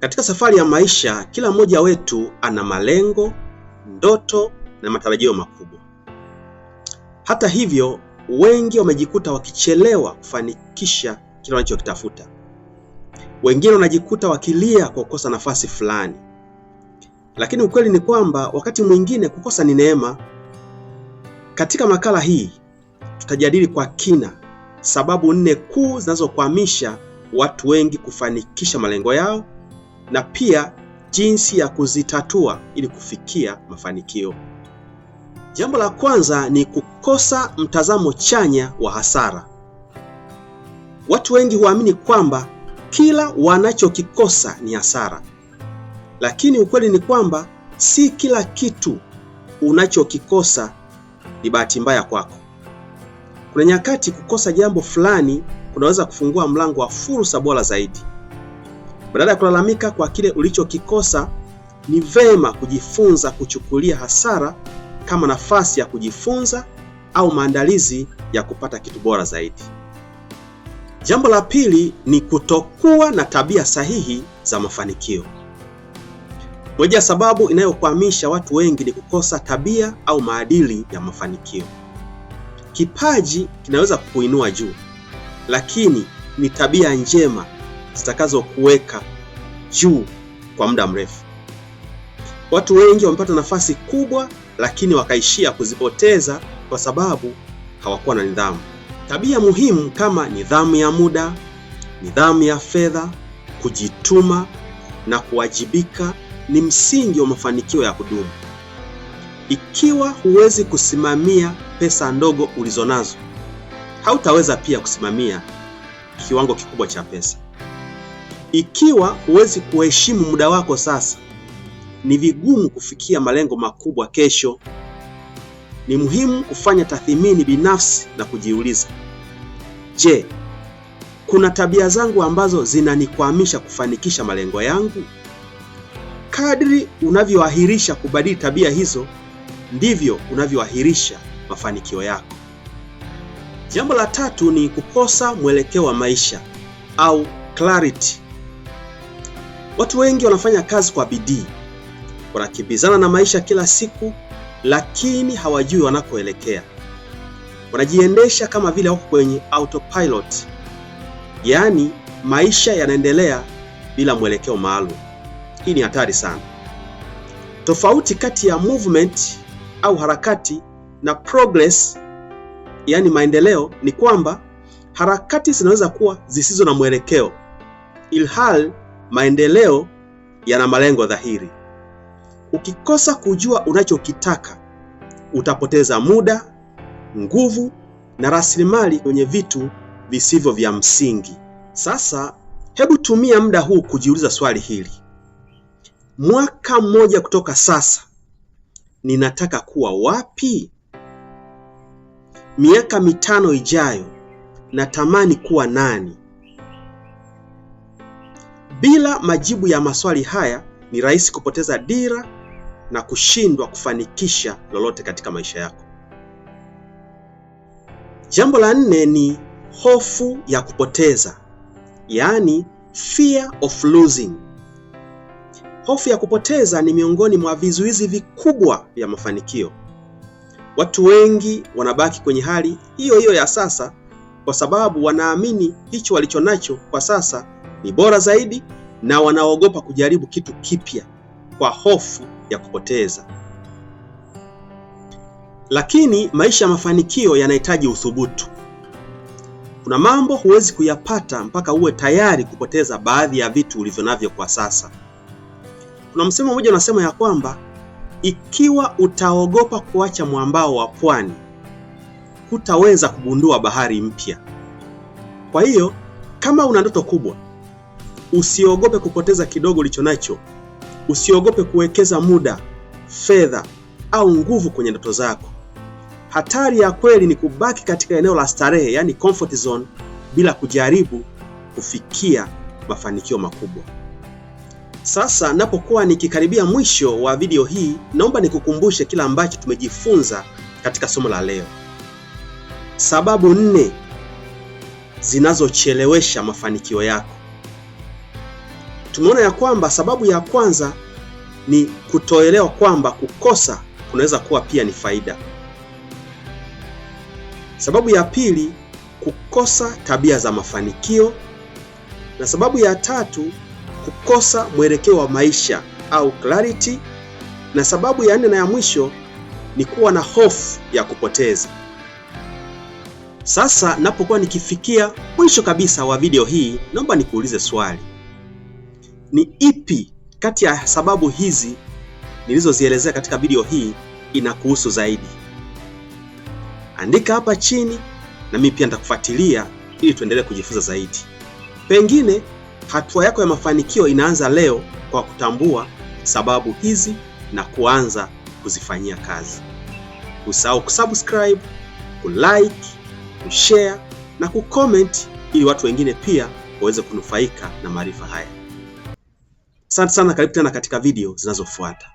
Katika safari ya maisha, kila mmoja wetu ana malengo, ndoto na matarajio makubwa. Hata hivyo, wengi wamejikuta wakichelewa kufanikisha kile wanachokitafuta. Wengine wanajikuta wakilia kwa kukosa nafasi fulani, lakini ukweli ni kwamba wakati mwingine kukosa ni neema. Katika makala hii tutajadili kwa kina sababu nne kuu zinazokwamisha watu wengi kufanikisha malengo yao na pia jinsi ya kuzitatua ili kufikia mafanikio. Jambo la kwanza ni kukosa mtazamo chanya wa hasara. Watu wengi huamini kwamba kila wanachokikosa ni hasara, lakini ukweli ni kwamba si kila kitu unachokikosa ni bahati mbaya kwako. Kuna nyakati kukosa jambo fulani kunaweza kufungua mlango wa fursa bora zaidi. Badala ya kulalamika kwa kile ulichokikosa, ni vema kujifunza kuchukulia hasara kama nafasi ya kujifunza au maandalizi ya kupata kitu bora zaidi. Jambo la pili ni kutokuwa na tabia sahihi za mafanikio. Moja ya sababu inayokwamisha watu wengi ni kukosa tabia au maadili ya mafanikio. Kipaji kinaweza kukuinua juu, lakini ni tabia njema zitakazokuweka juu kwa muda mrefu. Watu wengi wamepata nafasi kubwa, lakini wakaishia kuzipoteza kwa sababu hawakuwa na nidhamu. Tabia muhimu kama nidhamu ya muda, nidhamu ya fedha, kujituma na kuwajibika ni msingi wa mafanikio ya kudumu. Ikiwa huwezi kusimamia pesa ndogo ulizonazo, hautaweza pia kusimamia kiwango kikubwa cha pesa. Ikiwa huwezi kuheshimu muda wako sasa, ni vigumu kufikia malengo makubwa kesho. Ni muhimu kufanya tathmini binafsi na kujiuliza, je, kuna tabia zangu ambazo zinanikwamisha kufanikisha malengo yangu? Kadri unavyoahirisha kubadili tabia hizo, ndivyo unavyoahirisha mafanikio yako. Jambo la tatu ni kukosa mwelekeo wa maisha au clarity Watu wengi wanafanya kazi kwa bidii, wanakimbizana na maisha kila siku, lakini hawajui wanakoelekea. Wanajiendesha kama vile wako kwenye autopilot, yaani maisha yanaendelea bila mwelekeo maalum. Hii ni hatari sana. Tofauti kati ya movement au harakati na progress, yaani maendeleo, ni kwamba harakati zinaweza kuwa zisizo na mwelekeo ilhal Maendeleo yana malengo dhahiri. Ukikosa kujua unachokitaka, utapoteza muda, nguvu na rasilimali kwenye vitu visivyo vya msingi. Sasa hebu tumia muda huu kujiuliza swali hili: mwaka mmoja kutoka sasa ninataka kuwa wapi? Miaka mitano ijayo natamani kuwa nani? Bila majibu ya maswali haya ni rahisi kupoteza dira na kushindwa kufanikisha lolote katika maisha yako. Jambo la nne ni hofu ya kupoteza, yaani fear of losing. Hofu ya kupoteza ni miongoni mwa vizuizi vikubwa vya mafanikio. Watu wengi wanabaki kwenye hali hiyo hiyo ya sasa kwa sababu wanaamini hicho walichonacho kwa sasa ni bora zaidi, na wanaogopa kujaribu kitu kipya kwa hofu ya kupoteza. Lakini maisha ya mafanikio yanahitaji uthubutu. Kuna mambo huwezi kuyapata mpaka uwe tayari kupoteza baadhi ya vitu ulivyo navyo kwa sasa. Kuna msemo mmoja unasema ya kwamba ikiwa utaogopa kuacha mwambao wa pwani, hutaweza kugundua bahari mpya. Kwa hiyo kama una ndoto kubwa, Usiogope kupoteza kidogo ulicho nacho. Usiogope kuwekeza muda, fedha au nguvu kwenye ndoto zako. Hatari ya kweli ni kubaki katika eneo la starehe, yani comfort zone, bila kujaribu kufikia mafanikio makubwa. Sasa napokuwa nikikaribia mwisho wa video hii, naomba nikukumbushe kila ambacho tumejifunza katika somo la leo. Sababu nne zinazochelewesha mafanikio yako tumeona ya kwamba sababu ya kwanza ni kutoelewa kwamba kukosa kunaweza kuwa pia ni faida. Sababu ya pili, kukosa tabia za mafanikio, na sababu ya tatu, kukosa mwelekeo wa maisha au clarity, na sababu ya nne na ya mwisho ni kuwa na hofu ya kupoteza. Sasa napokuwa nikifikia mwisho kabisa wa video hii, naomba nikuulize swali. Ni ipi kati ya sababu hizi nilizozielezea katika video hii inakuhusu zaidi? Andika hapa chini na mimi pia nitakufuatilia ili tuendelee kujifunza zaidi. Pengine hatua yako ya mafanikio inaanza leo kwa kutambua sababu hizi na kuanza kuzifanyia kazi. Usahau kusubscribe, kulike, kushare na kucomment ili watu wengine pia waweze kunufaika na maarifa haya. Asante sana, karibu tena katika video zinazofuata.